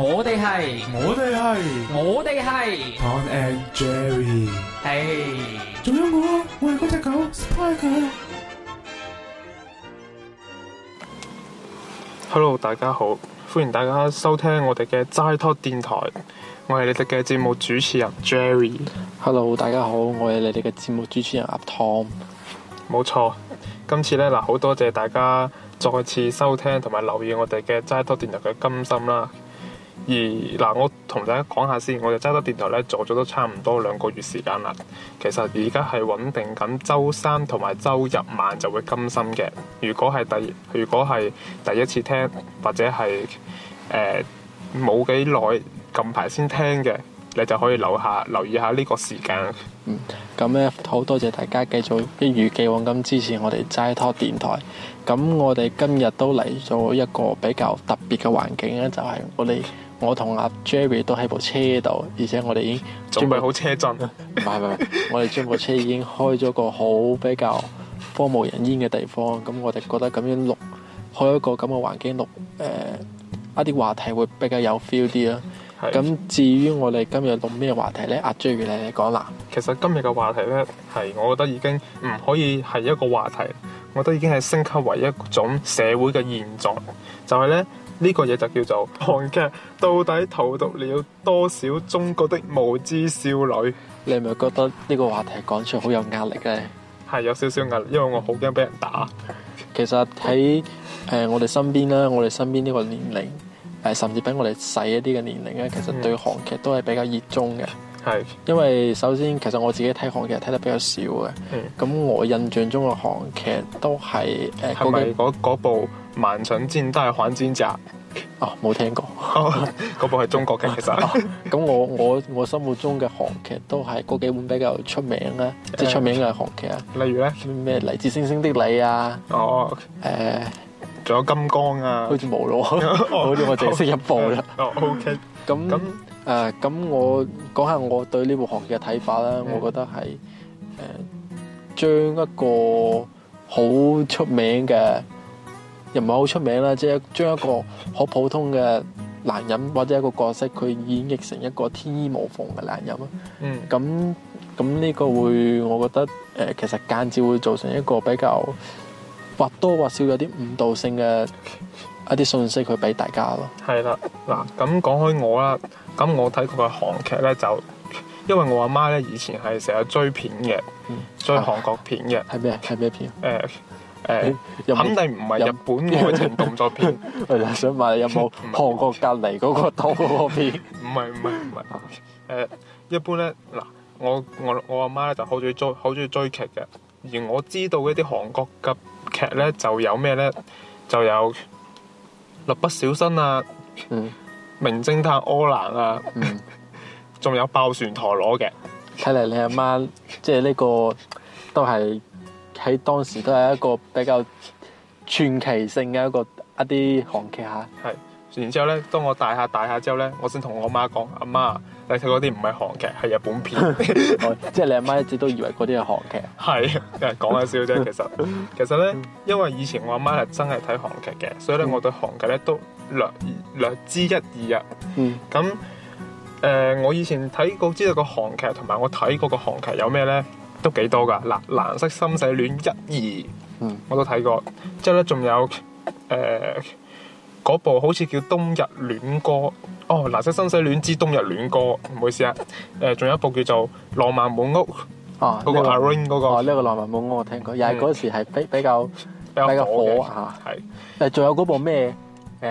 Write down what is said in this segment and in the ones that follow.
我哋係，我哋係，我哋係。Tom and Jerry，係 Hey.。仲有我，我係嗰隻狗，Spy 狗。Hello，大家好，歡迎大家收聽我哋嘅齋 talk 電台。我係你哋嘅節目主持人 Jerry。Hello，大家好，我係你哋嘅節目主持人阿 Tom。冇錯，今次呢，嗱，好多謝大家再次收聽同埋留意我哋嘅齋 talk 電台嘅更新啦。而嗱，我同大家講下先，我哋齋拖電台咧做咗都差唔多兩個月時間啦。其實而家係穩定緊，周三同埋周日晚就會更新嘅。如果係第，如果係第一次聽或者係誒冇幾耐近排先聽嘅，你就可以留下留意下呢個時間。嗯，咁咧好多謝大家繼續一如既往咁支持我哋齋拖電台。咁我哋今日都嚟咗一個比較特別嘅環境咧，就係、是、我哋。我同阿 Jerry 都喺部車度，而且我哋已經準備好車震啦。唔係唔係， 我哋將部車已經開咗個好比較荒無人煙嘅地方，咁我哋覺得咁樣錄，開一個咁嘅環境錄，誒、呃，一啲話題會比較有 feel 啲啦。咁是至於我哋今日錄咩話題呢？阿、啊、Jerry 你嚟講啦。其實今日嘅話題呢，係我覺得已經唔可以係一個話題，我覺得已經係升級為一,一種社會嘅現狀，就係、是、呢。呢個嘢就叫做韓劇到底荼毒了多少中國的無知少女？你係咪覺得呢個話題講出好有壓力嘅？係有少少壓力，因為我好驚俾人打。其實喺誒、呃、我哋身邊啦，我哋身邊呢個年齡，誒、呃、甚至比我哋細一啲嘅年齡咧，其實對韓劇都係比較熱衷嘅。係是，因為首先其實我自己睇韓劇睇得比較少嘅，咁、嗯、我印象中嘅韓劇都係誒。係咪嗰部？《萬城戰》都係韓劇，哦，冇聽過，嗰部係中國嘅其實。咁我我我心目中嘅韓劇都係嗰幾本比較出名咧，即係出名嘅韓劇，例如咧咩《來自星星的你》啊，哦，誒，仲有《金剛》啊，好似冇咯喎，好似我淨識一部啦。哦，OK，咁咁誒，咁我講下我對呢部韓劇嘅睇法啦，我覺得係誒將一個好出名嘅。又唔係好出名啦，即係將一個好普通嘅男人或者一個角色，佢演繹成一個天衣無縫嘅男人咯。嗯。咁咁呢個會，嗯、我覺得誒、呃，其實間接會造成一個比較或多或少有啲誤導性嘅一啲信息，佢俾大家咯。係啦，嗱，咁講開我啦，咁我睇佢嘅韓劇咧，就因為我阿媽咧以前係成日追片嘅，追韓國的片嘅。係咩？係咩片啊？誒。誒，欸、肯定唔係日本愛情動作片。我啊，想問你有冇韓國隔籬嗰個套個片？唔係唔係唔係。誒， uh，一般咧，嗱，我我我阿媽咧就好中意追好中意追劇嘅。而我知道嘅一啲韓國劇咧就有咩咧？就有《蠟筆小新》、《啊，嗯《名偵探柯南》啊，仲、嗯、 有《爆旋陀螺》嘅。睇嚟你阿媽即係呢個都係。喺當時都係一個比較傳奇性嘅一個一啲韓劇嚇。係。然之後咧，當我大下大下之後咧，我先同我媽講：阿媽，媽，你睇嗰啲唔係韓劇，係日本片。即係你阿媽，媽一直都以為嗰啲係韓劇。係，講下笑啫。其實 其實咧，因為以前我阿媽係真係睇韓劇嘅，所以咧我對韓劇咧都略略知一二啊。嗯。 咁、呃、誒，我以前睇過知道嘅韓劇，同埋我睇過嘅韓劇有咩咧？都幾多噶嗱，《藍色生死戀》一二，嗯，我都睇過。之後咧，仲有誒，嗰部好似叫《冬日戀歌》，哦，《藍色生死戀之冬日戀歌》，唔好意思啊。誒、呃，仲有一部叫做《浪漫滿屋》啊。哦，嗰個阿 Rain 嗰個，呢、那個《啊這個、浪漫滿屋》我聽過，又係嗰時係比比較、嗯、比較火吓。係，誒，仲有嗰部咩？誒、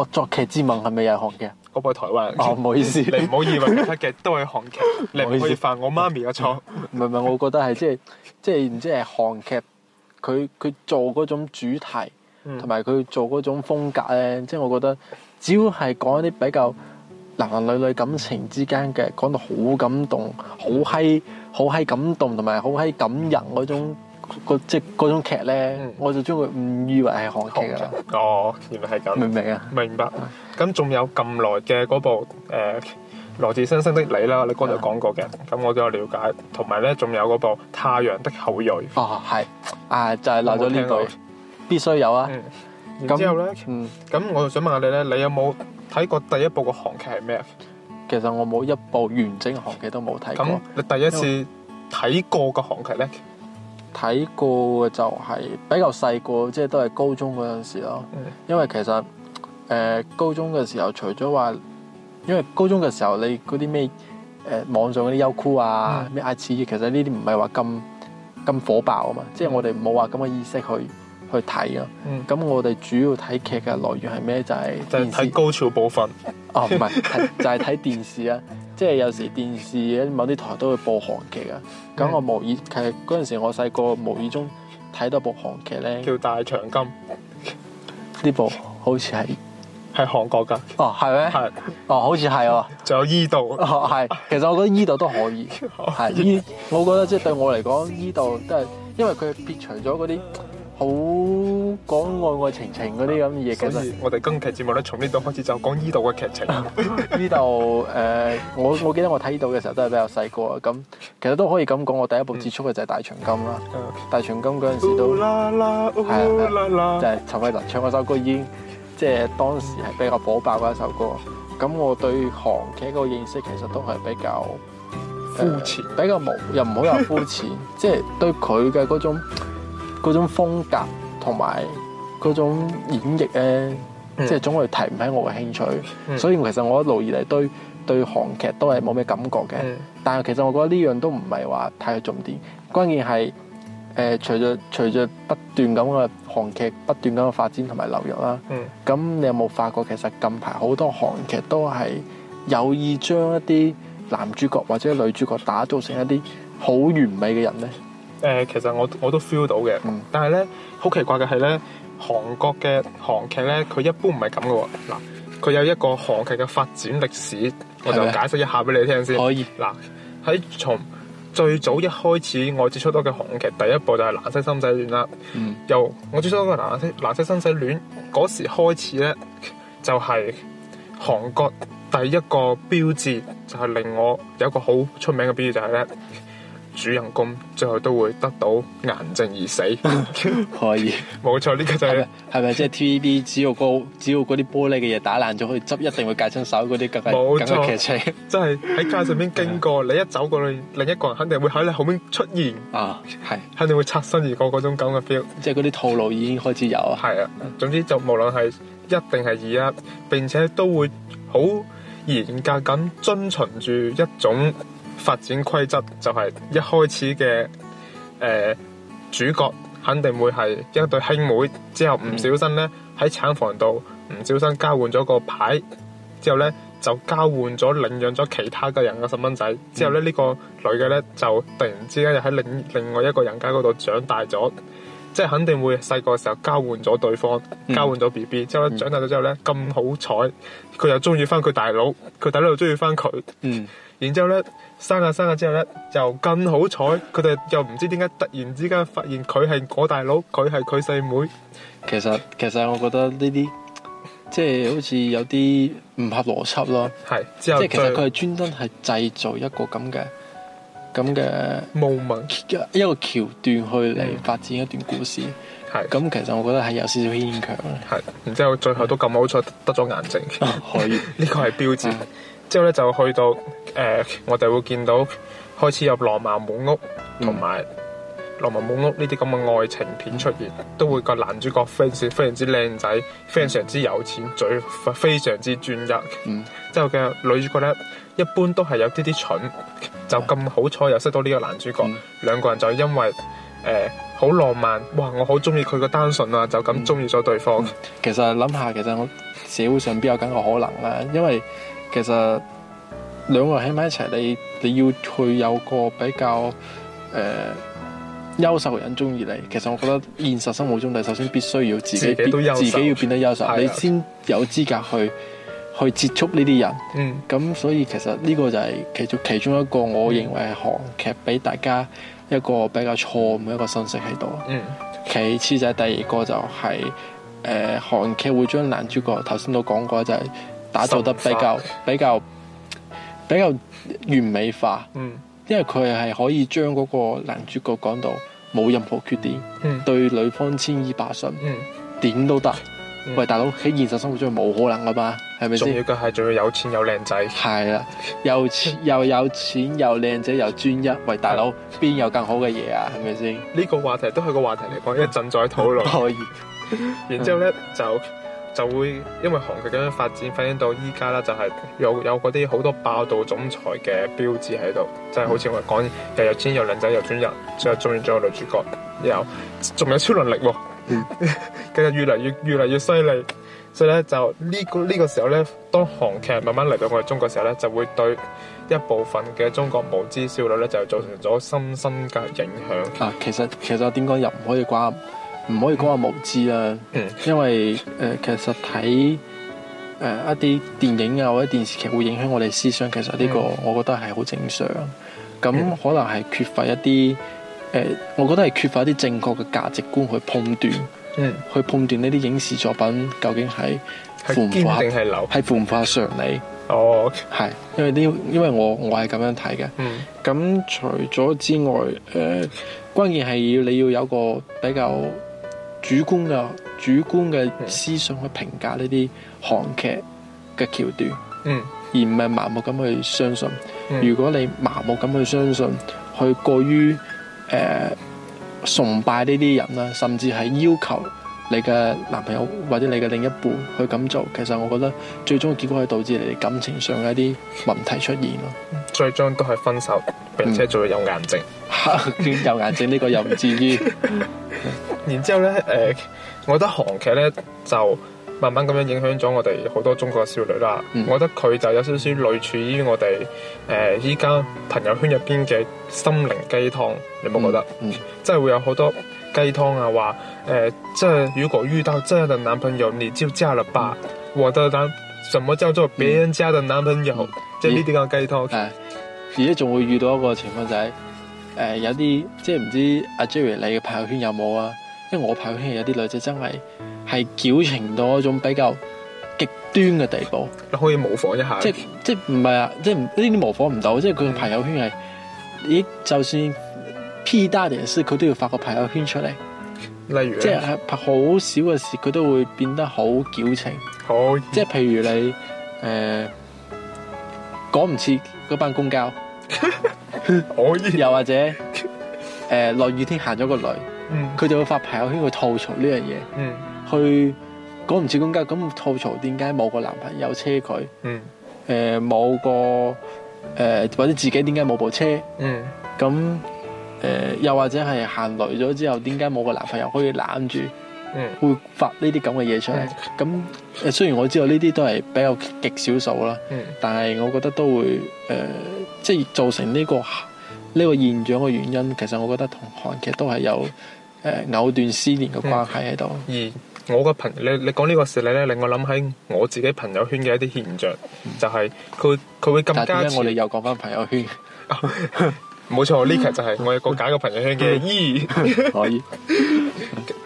啊，作奇之《惡作劇之吻》係咪又係學嘅？嗰部台灣。哦，唔好意思，你唔好以為其他嘅都係韓劇，你唔可以犯我媽咪嘅錯。唔係唔係，我覺得係即係即係，唔知係韓劇佢佢做嗰種主題，同埋佢做嗰種風格咧，即係我覺得只要係講一啲比較男男女女感情之間嘅，講到好感動，好閪好閪感動，同埋好閪感人嗰種。個即係嗰種劇咧，我就將佢誤以為係韓劇啦。哦，原來係咁，明唔明啊？明白。咁仲有咁耐嘅嗰部誒《來自星星的你》啦，你哥就講過嘅。咁我都有了解，同埋咧仲有嗰部《太陽的後裔》。哦，係。啊，就係漏咗呢部，必須有啊。然之後咧，嗯，咁我就想問下你咧，你有冇睇過第一部嘅韓劇係咩？其實我冇一部完整嘅韓劇都冇睇過。咁你第一次睇過嘅韓劇咧？睇過就係比較細個，即係都係高中嗰陣時咯。嗯、因為其實誒、呃、高中嘅時候，除咗話，因為高中嘅時候你嗰啲咩誒網上嗰啲優酷啊、咩愛奇藝，其實呢啲唔係話咁咁火爆啊嘛。即係我哋冇話咁嘅意識去。嗯去睇啊，咁我哋主要睇劇嘅來源係咩？就係睇高潮部分。哦，唔係，就係睇電視啊！即係有時電視某啲台都會播韓劇啊。咁我無意其實，嗰陣時，我細個無意中睇到部韓劇咧，叫《大長今》。呢部好似係係韓國噶。哦，係咩？係哦，好似係哦。仲有醫道，係。其實我覺得醫道都可以，係我覺得即係對我嚟講，醫道都係，因為佢撇除咗嗰啲。好講愛愛情情嗰啲咁嘢，其實我哋今期節目咧，從呢度開始就講呢度嘅劇情。 呢度誒，我我記得我睇呢度嘅時候都係比較細個啊，咁其實都可以咁講，我第一部接觸嘅就係《嗯 okay. 大長今、哦》啦，啦《大長今》嗰陣時都係啊，就係陳慧琳唱嗰首歌，已經即係、就是、當時係比較火爆嘅一首歌。咁我對韓劇嘅認識其實都係比較膚淺，呃、錢比較冇又唔好有膚淺，即係 對佢嘅嗰種。嗰種風格同埋嗰種演繹咧，即係、嗯、總會提唔起我嘅興趣。嗯、所以其實我一路以嚟對對韓劇都係冇咩感覺嘅。嗯、但係其實我覺得呢樣都唔係話太重點，關鍵係誒，隨着隨着不斷咁嘅韓劇不斷咁嘅發展同埋流入啦。咁、嗯、你有冇發覺其實近排好多韓劇都係有意將一啲男主角或者女主角打造成一啲好完美嘅人呢？誒、呃，其實我我都 feel 到嘅，嗯、但係咧好奇怪嘅係咧，韓國嘅韓劇咧，佢一般唔係咁嘅喎。嗱，佢有一個韓劇嘅發展歷史，嗎我就解釋一下俾你聽先。可以。嗱，喺從最早一開始我接觸到嘅韓劇，第一部就係《藍色生死戀》啦。由我接觸到嘅《藍藍色生死戀》嗰時開始咧，就係、是、韓國第一個標誌，就係、是、令我有一個好出名嘅標誌就係、是、咧。主人公最後都會得到癌症而死，可以冇錯呢個就係係咪即係 TVB 只要嗰只要啲玻璃嘅嘢打爛咗可以執一定會戒親手嗰啲咁嘅咁嘅劇情，即係喺街上面經過，你一走過去，另一個人肯定會喺你後面出現啊，係肯定會擦身而過嗰種咁嘅 feel，即係嗰啲套路已經開始有，係啊，總之就無論係一定係二一，並且都會好嚴格咁遵循住一種。發展規則就係一開始嘅誒、呃、主角肯定會係一對兄妹，之後唔小心咧喺產房度唔小心交換咗個牌，之後咧就交換咗領養咗其他嘅人嘅細蚊仔，之後咧呢、嗯、個女嘅咧就突然之間又喺另另外一個人家嗰度長大咗，即係肯定會細個嘅時候交換咗對方，嗯、交換咗 B B，之後呢長大咗之後咧咁好彩，佢又中意翻佢大佬，佢大佬又中意翻佢。嗯 然後呢生了生了之後咧，生下生下之後咧，又更好彩，佢哋又唔知點解突然之間發現佢係我大佬，佢係佢細妹。其實其實我覺得呢啲，即係好似有啲唔合邏輯咯。係，之後即係其實佢係專登係製造一個咁嘅咁嘅無文一個橋段去嚟發展一段故事。係、嗯，咁其實我覺得係有少少牽強。係，然之後最後都咁好彩得咗癌症。啊，可以，呢個係標誌、啊。之後咧就去到誒、呃，我哋會見到開始有浪漫滿屋同埋浪漫滿屋呢啲咁嘅愛情片出現，嗯、都會個男主角非常非常之靚仔，非常之、嗯、有錢，最非常之專一。嗯、之後嘅女主角咧一般都係有啲啲蠢，就咁好彩又識到呢個男主角，兩、嗯、個人就因為誒好、呃、浪漫，哇！我好中意佢個單純啊，就咁中意咗對方。嗯嗯、其實諗下，其實我社會上邊有咁嘅可能咧，因為。其實兩個人喺埋一齊，你你要去有個比較誒優秀嘅人中意你。其實我覺得現實生活中，你首先必須要自己自己，自己要變得優秀，你先有資格去去接觸呢啲人。咁、嗯、所以其實呢個就係其中其中一個我認為係韓劇俾大家一個比較錯誤嘅一個信息喺度。嗯、其次就係第二個就係誒韓劇會將男主角頭先都講過就係、是。打造得比較比較比較完美化，嗯，因為佢係可以將嗰個男主角講到冇任何缺點，嗯，對女方千依百順，嗯，點都得。喂，大佬喺現實生活中冇可能噶嘛，係咪先？重要嘅係仲要有錢有靚仔，係啦，又又有錢又靚仔又專一。喂，大佬邊有更好嘅嘢啊？係咪先？呢個話題都係個話題嚟講，我一陣再討論。可以。然之後咧就。就會因為韓劇咁樣發展，發展到依家啦，就係、是、有有嗰啲好多霸道總裁嘅標誌喺度，就係、是、好似我哋講、嗯、又有錢又靚仔又專一，最後中意咗個女主角，然仲有，有超能力、哦，佢就、嗯、 越嚟越越嚟越犀利，所以咧就呢、這、呢、個這個時候咧，當韓劇慢慢嚟到我哋中國時候咧，就會對一部分嘅中國無知少女咧，就造成咗深深嘅影響。啊，其實其實點講又唔可以掛。唔可以講話無知啦，嗯、因為誒、呃，其實睇誒、呃、一啲電影啊或者電視劇會影響我哋思想，其實呢個我覺得係好正常。咁、嗯、可能係缺乏一啲誒、呃，我覺得係缺乏一啲正確嘅價值觀去判斷，嗯、去判斷呢啲影視作品究竟係係堅定係流，係符唔符合常理？哦，係、okay，因為呢，因為我我係咁樣睇嘅。咁、嗯、除咗之外，誒、呃，關鍵係要你要有個比較。主觀嘅主觀嘅思想去評價呢啲韓劇嘅橋段，嗯、而唔係盲目咁去相信。嗯、如果你盲目咁去相信，去過於誒、呃、崇拜呢啲人啦，甚至係要求你嘅男朋友或者你嘅另一半去咁做，其實我覺得最終嘅結果係導致你哋感情上嘅一啲問題出現咯。最終都係分手，並且仲要有癌症。嗯黑眼有眼症，呢個又唔至於，然之後咧，誒，我覺得韓劇咧就慢慢咁樣影響咗我哋好多中國少女啦。嗯、我覺得佢就有少少類似於我哋誒依家朋友圈入邊嘅心靈雞湯，你冇覺得？嗯，即係會有好多雞湯啊，話誒，即、呃、係如果遇到這樣的男朋友你就嫁了吧。嗯、我的男，什麼叫做別人家的男朋友？即係呢啲咁嘅雞湯。係、嗯嗯嗯，而且仲會遇到一個情況就係。誒、呃，有啲即係唔知阿 Jerry 你嘅朋友圈有冇啊？因為我朋友圈有啲女仔真係係矯情到一種比較極端嘅地步，你可以模仿一下即。即即唔係啊，即呢啲模仿唔到，即係佢嘅朋友圈係，嗯、咦？就算 P 大件事，佢都要發個朋友圈出嚟。例如，即係好少嘅事，佢都會變得好矯情。好意，即係譬如你誒趕唔切嗰班公交。 又 或者，誒、呃，落雨天行咗個雷，佢就、嗯、會發朋友圈去吐槽呢、嗯、樣嘢，去講唔少公交。咁吐槽點解冇個男朋友車佢？誒、嗯，冇、呃、個誒、呃、或者自己點解冇部車？咁誒、嗯呃，又或者係行雷咗之後，點解冇個男朋友可以攬住？會發呢啲咁嘅嘢出嚟，咁誒雖然我知道呢啲都係比較極少數啦，但係我覺得都會誒，即係造成呢個呢個現象嘅原因，其實我覺得同韓劇都係有誒藕斷絲連嘅關係喺度。而我嘅朋你你講呢個事例咧，令我諗起我自己朋友圈嘅一啲現象，就係佢佢會更加。我哋又講翻朋友圈，冇錯呢集就係我哋個假嘅朋友圈嘅。咦，可以。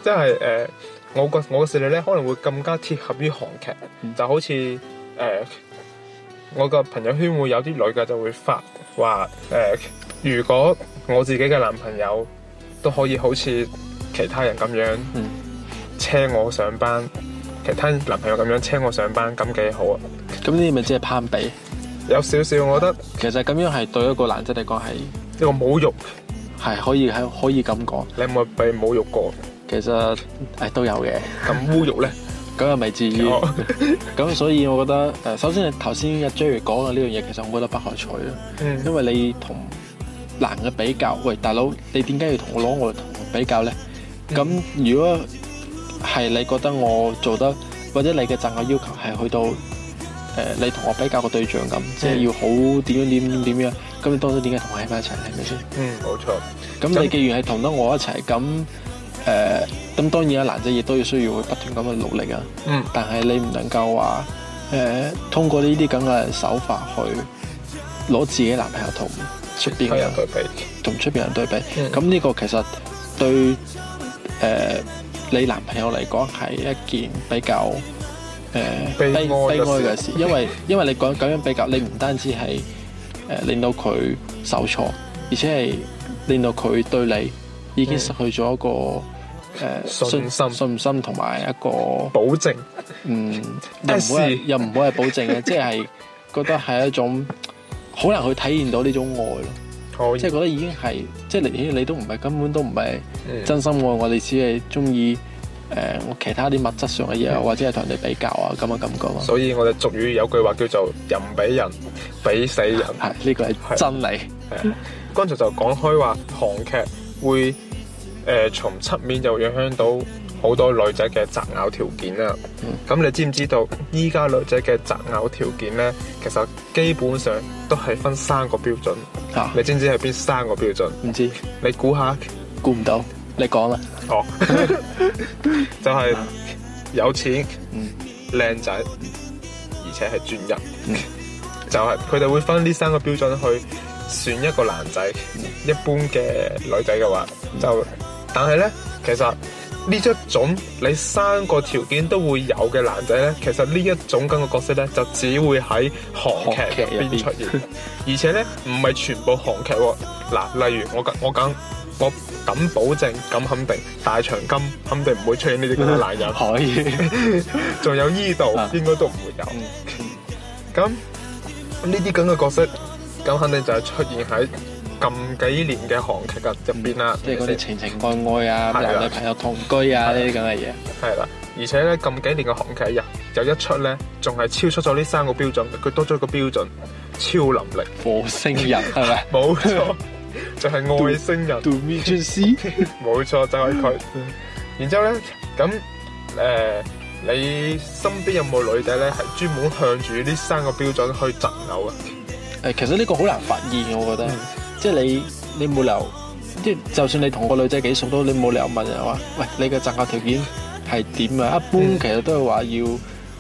即係誒、呃，我個我嘅視力咧，可能會更加貼合於韓劇，就、嗯、好似誒、呃，我個朋友圈會有啲女嘅就會發話誒、呃，如果我自己嘅男朋友都可以好似其他人咁樣，車、嗯、我上班，其他男朋友咁樣車我上班，咁幾好啊！咁呢啲咪即係攀比？有少少，我覺得其實咁樣係對一個男仔嚟講係一個侮辱，係可以喺可以咁講。你有冇被侮辱過？其實誒都有嘅，咁侮辱咧，咁又未至於。咁所以我覺得誒，首先頭先阿 Jerry 講嘅呢樣嘢，其實我覺得不可取咯。嗯，因為你同男嘅比較，喂，大佬，你點解要同我攞我同我比較咧？咁如果係你覺得我做得，或者你嘅擇偶要求係去到誒，你同我比較嘅對象咁，即係要好點樣點點樣，咁你當初點解同我喺埋一齊咧？係咪先？嗯，冇錯。咁你既然係同得我一齊，咁誒，咁、呃、當然啊，男仔亦都要需要去不斷咁去努力啊。嗯，但。但係你唔能夠話，誒，通過呢啲咁嘅手法去攞自己男朋友同出邊嘅人對比，同出邊人對比。咁呢、嗯、個其實對誒、呃、你男朋友嚟講係一件比較誒、呃、悲悲哀嘅事，因為因為你講咁樣比較，你唔單止係誒、呃、令到佢受挫，而且係令到佢對你已經失去咗一個。嗯嗯誒，信心、信心同埋一個保證，嗯，又唔會係，S. 又唔會係保證嘅，即係覺得係一種好難去體驗到呢種愛咯，即係覺得已經係，即係你，你都唔係根本都唔係真心愛，我哋只係中意誒其他啲物質上嘅嘢、啊，或者係同人哋比較啊咁嘅感覺。所以，我哋俗語有句話叫做人比人，比死人， 係、這、呢個係真理。剛才就講開話，韓劇會。誒，從側、呃、面就影響到好多女仔嘅擇偶條件啦。咁、嗯、你知唔知道依家女仔嘅擇偶條件呢？其實基本上都係分三個標準。啊、你知唔知係邊三個標準？唔知。你估下？估唔到。你講啦。哦， 就係有錢、靚、嗯、仔，而且係專一。嗯、就係佢哋會分呢三個標準去選一個男仔。嗯、一般嘅女仔嘅話就。但係咧，其實呢一種你三個條件都會有嘅男仔咧，其實呢一種咁嘅角色咧，就只會喺韓劇入邊出現，而且咧唔係全部韓劇嗱。例如我我講我，我敢保證，敢肯定大長今肯定唔會出現呢啲咁嘅男人， 可以。仲 有呢度、啊、應該都唔會有。咁呢啲咁嘅角色，咁肯定就係出現喺。近幾年嘅韓劇入入邊啦，即係嗰啲情情愛愛啊，了男女朋友同居啊，呢啲咁嘅嘢。係啦，而且咧近幾年嘅韓劇入又一出咧，仲係超出咗呢三個標準，佢多咗一個標準，超能力火星人係咪？冇錯， 就係、是、外星人。Do, do me j 冇錯就係、是、佢。 然之後咧，咁誒、呃，你身邊有冇女仔咧，係專門向住呢三個標準去擇偶啊？誒，其實呢個好難發現，我覺得。即係你，你冇理由，即就算你同個女仔幾熟都，你冇理由問人話，喂，你嘅擇偶條件係點啊？嗯、一般其實都係話要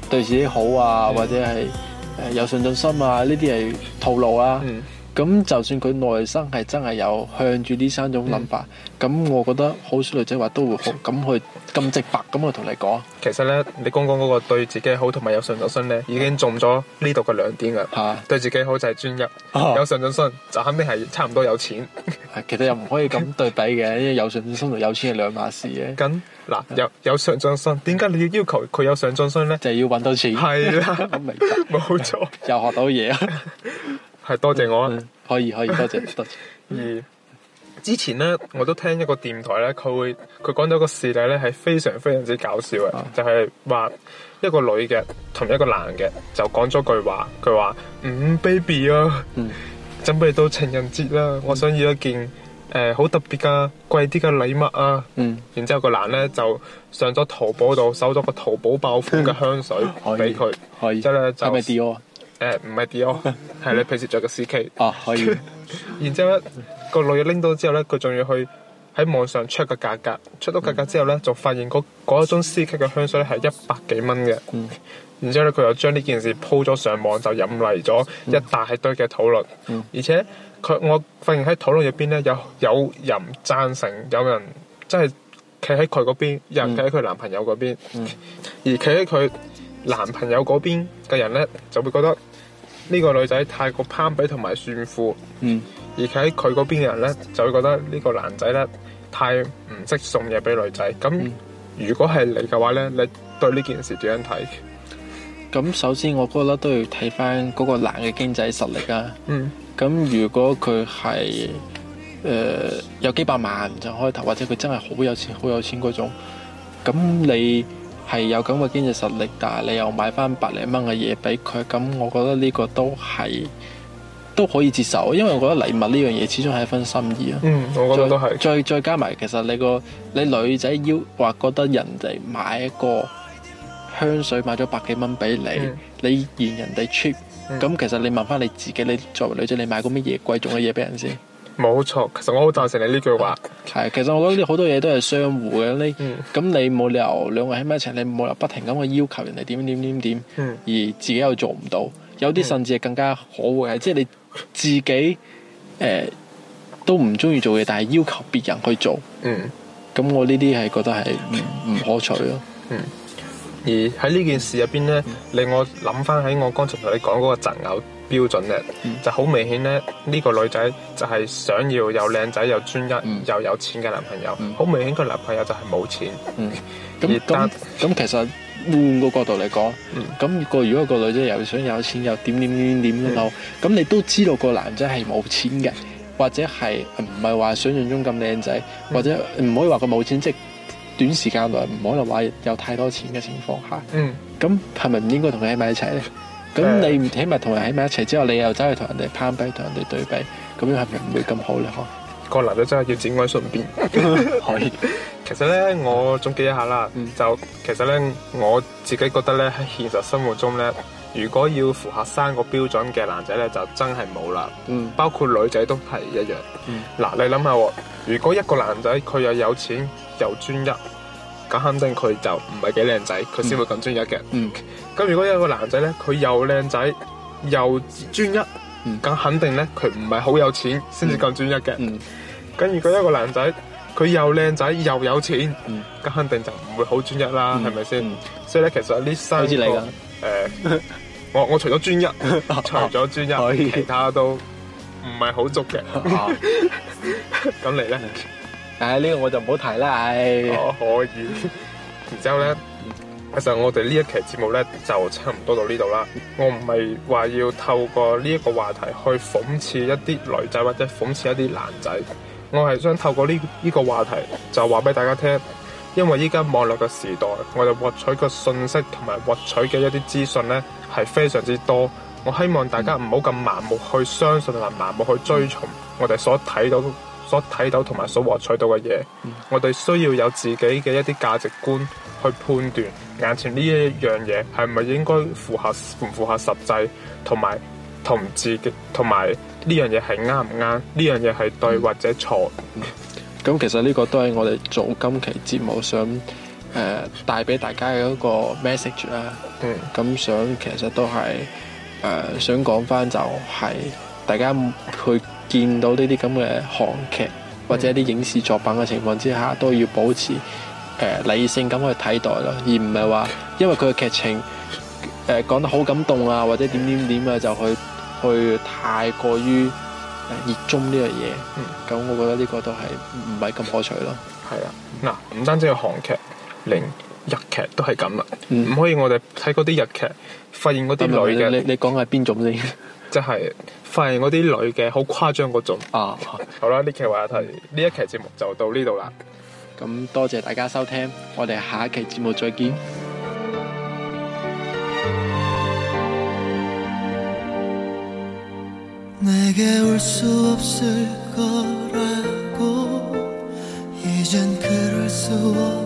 對自己好啊，嗯、或者係有上進心啊，呢啲係套路啦。嗯。咁就算佢內心係真係有向住呢三種諗法，咁、嗯、我覺得好少女仔話都會咁去咁直白咁去同你講。其實呢，你剛剛嗰個對自己好同埋有上進心呢，已經中咗呢度嘅兩點啦。吓、啊、對自己好就係專一，啊、有上進心就肯定係差唔多有錢。其實又唔可以咁對比嘅， 因為有上進心同有錢係兩碼事嘅。咁嗱，有有上進心，點解你要要求佢有上進心呢？就係要搵到錢。係啦 了，冇錯 白， 又學到嘢 係多謝我，可以可以，多謝多謝。而之前咧，我都聽一個電台咧，佢會佢講咗一個事例咧，係非常非常之搞笑嘅，就係話一個女嘅同一個男嘅就講咗句話，佢話嗯，baby 啊，準備到情人節啦，我想要一件誒好特別嘅貴啲嘅禮物啊。嗯，然之後個男咧就上咗淘寶度搜咗個淘寶爆款嘅香水俾佢，即係咧就。誒，唔係 Dior，係你平時着嘅 CK。哦，可以。然之後咧，個女拎到之後咧，佢仲要去喺網上 check 個價格，check 到價格之後咧，就發現嗰嗰一樽 CK 嘅香水咧係一百幾蚊嘅。嗯。然之後咧，佢又將呢件事 po 咗上網，就引嚟咗一大堆嘅討論。嗯。而且佢，我發現喺討論入邊咧，有有人贊成，有人即係企喺佢嗰邊，有人企喺佢男朋友嗰邊，而企喺佢。男朋友嗰邊嘅人呢，就會覺得呢個女仔太過攀比同埋炫富。；嗯、而且佢嗰邊嘅人呢，就會覺得呢個男仔呢，太唔識送嘢俾女仔。咁、嗯、如果係你嘅話呢，你對呢件事點樣睇？咁首先，我覺得都要睇翻嗰個男嘅經濟實力啊。嗯。咁如果佢係誒有幾百萬就開頭，或者佢真係好有錢、好有錢嗰種，咁你，係有咁嘅經濟實力，但係你又買翻百零蚊嘅嘢俾佢，咁我覺得呢個都係都可以接受，因為我覺得禮物呢樣嘢始終係一份心意啊。嗯，我覺得都係。再再加埋，其實你個你女仔要話覺得人哋買一個香水買咗百幾蚊俾你，嗯、你嫌人哋 cheap，咁其實你問翻你自己，你作為女仔，你買過乜嘢貴重嘅嘢俾人先？冇錯，其實我好贊成你呢句話。係、嗯，其實我覺得好多嘢都係相互嘅、嗯。你咁你冇理由兩位喺埋一齊，你冇理由不停咁去要求人哋點點點點，嗯、而自己又做唔到。有啲甚至係更加可惡嘅，嗯、即係你自己、呃、都唔中意做嘅，但係要求別人去做。嗯，咁我呢啲係覺得係唔 可取咯、嗯。而喺呢件事入邊呢，令、嗯、我諗翻起我剛才同你講嗰、嗰個擇偶。標準咧，嗯、就好明顯咧。呢、這個女仔就係想要又靚仔又專一又、嗯、有，有錢嘅男朋友。好、嗯、明顯個男朋友就係冇錢。嗯，咁咁咁，得其實換個角度嚟講，咁個、嗯、如果個女仔又想有錢又點點點點都好，咁、嗯、你都知道個男仔係冇錢嘅，或者係唔係話想象中咁靚仔，嗯、或者唔可以話佢冇錢，即、就、係、是、短時間內唔可能話有太多錢嘅情況下，嗯，咁係咪唔應該同佢喺埋一齊咧？ 咁、嗯、你唔起埋同人喺埋一齊之後，你又走去同人哋攀比、同人哋對比，咁樣係咪唔會咁好咧？可個男仔真係要展開順便。 可以。 其實咧，我總結一下啦，嗯、就其實咧，我自己覺得咧，喺現實生活中咧，如果要符合三個標準嘅男仔咧，就真係冇啦。嗯。包括女仔都係一樣。嗯。嗱、啊，你諗下，如果一個男仔佢又有錢又專一。咁肯定佢就唔係幾靚仔，佢先會咁專一嘅。咁如果有一個男仔咧，佢又靚仔又專一，咁肯定咧佢唔係好有錢，先至咁專一嘅。咁如果一個男仔佢又靚仔又有錢，咁肯定就唔會好專一啦，係咪先？所以咧，其實有啲新誒，我我除咗專一，除咗專一，其他都唔係好足嘅。咁你咧？誒，呢、哎這個我就唔好提啦，係、哎哦。可以。 然之後呢，其實我哋呢一期節目呢，就差唔多到呢度啦。我唔係話要透過呢一個話題去諷刺一啲女仔或者諷刺一啲男仔，我係想透過呢呢、這個話題就話俾大家聽，因為依家網絡嘅時代，我哋獲取嘅信息同埋獲取嘅一啲資訊呢，係非常之多。我希望大家唔好咁盲目去相信同埋盲目去追從、嗯、我哋所睇到。所睇到同埋所獲取到嘅嘢，嗯、我哋需要有自己嘅一啲價值觀去判斷眼前呢一樣嘢係咪應該符合唔符，符合實際，同埋同自己，同埋呢樣嘢係啱唔啱，呢樣嘢係對或者錯。咁、嗯、其實呢個都係我哋做今期節目想誒帶俾大家嘅一個 message 啦。嗯，咁想其實都係誒、呃、想講翻就係、是、大家去。見到呢啲咁嘅韓劇或者啲影視作品嘅情況之下，都要保持誒、呃、理性咁去睇待咯，而唔係話因為佢嘅劇情誒講、呃、得好感動啊，或者點點點啊，就去去太過於熱衷呢樣嘢。嗯，咁我覺得呢個都係唔係咁可取咯。係啊，嗱、嗯，唔單止係韓劇，連日劇都係咁啦。唔、嗯、可以我哋睇嗰啲日劇，發現嗰啲女嘅。你你講係邊種先？即係。發現我啲女嘅，好誇張嗰種。啊， 好啦，呢期話題，呢一期節目就到呢度啦。咁多謝大家收聽，我哋下一期節目再見。